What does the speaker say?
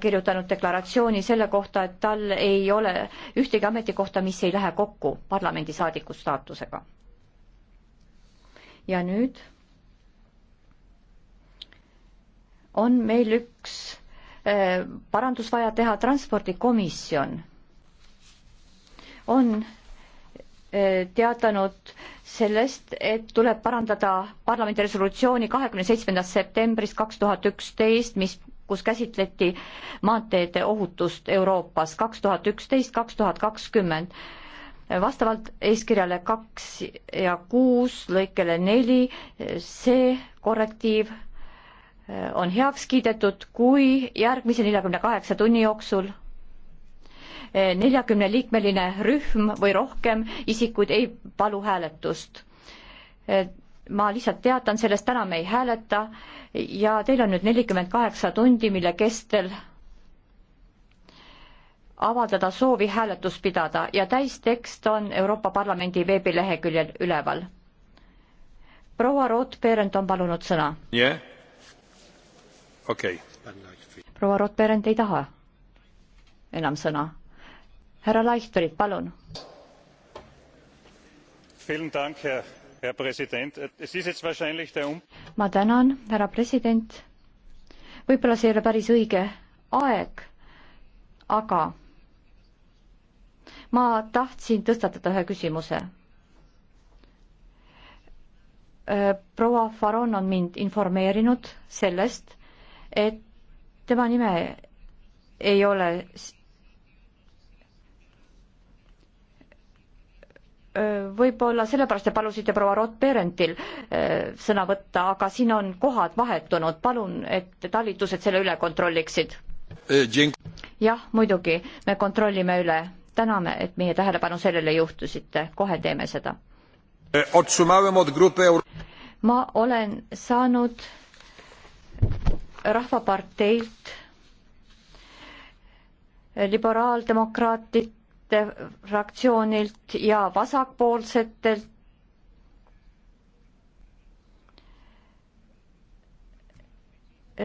kirjutanud deklaratsiooni selle kohta, et tal ei ole ühtegi ametikohta, mis ei lähe kokku parlamendisaadiku staatusega. ja nüüd on meil üks äh, parandus vaja teha, transpordikomisjon on äh, teatanud sellest, et tuleb parandada parlamendi resolutsiooni kahekümne seitsmendast septembrist kaks tuhat üksteist, mis kus käsitleti maanteede ohutust Euroopas kaks tuhat üksteist, kaks tuhat kakskümmend. vastavalt eeskirjale kaks ja kuus lõikele neli see korrektiiv äh, on heaks kiidetud, kui järgmise neljakümne kaheksa tunni jooksul äh, neljakümne liikmeline rühm või rohkem isikuid ei palu hääletust äh, ma lihtsalt teatan sellest, täna me ei hääleta ja teil on nüüd nelikümmend kaheksa tundi, mille kestel avaldada soovi hääletust pidada ja täistekst on Euroopa Parlamendi veebileheküljel üleval. proua Rootperent on palunud sõna yeah.. okei okay.. proua Rootperent ei taha enam sõna. härra Leichtfried, palun. Vielen Dank, Herr Um- ma tänan, härra president. võib-olla see ei ole päris õige aeg, aga ma tahtsin tõstatada ühe küsimuse. Äh, proua Faron on mind informeerinud sellest, et tema nime ei ole Äh, võib-olla sellepärast te palusite proua Rott-Berentil äh, sõna võtta, aga siin on kohad vahetunud, palun, et talitused selle üle kontrolliksid. Äh, jah, muidugi, me kontrollime üle, täname, et meie tähelepanu sellele juhtusite, kohe teeme seda. ma olen saanud Rahvaparteilt liberaaldemokraatid liberaalide fraktsioonilt ja vasakpoolsetelt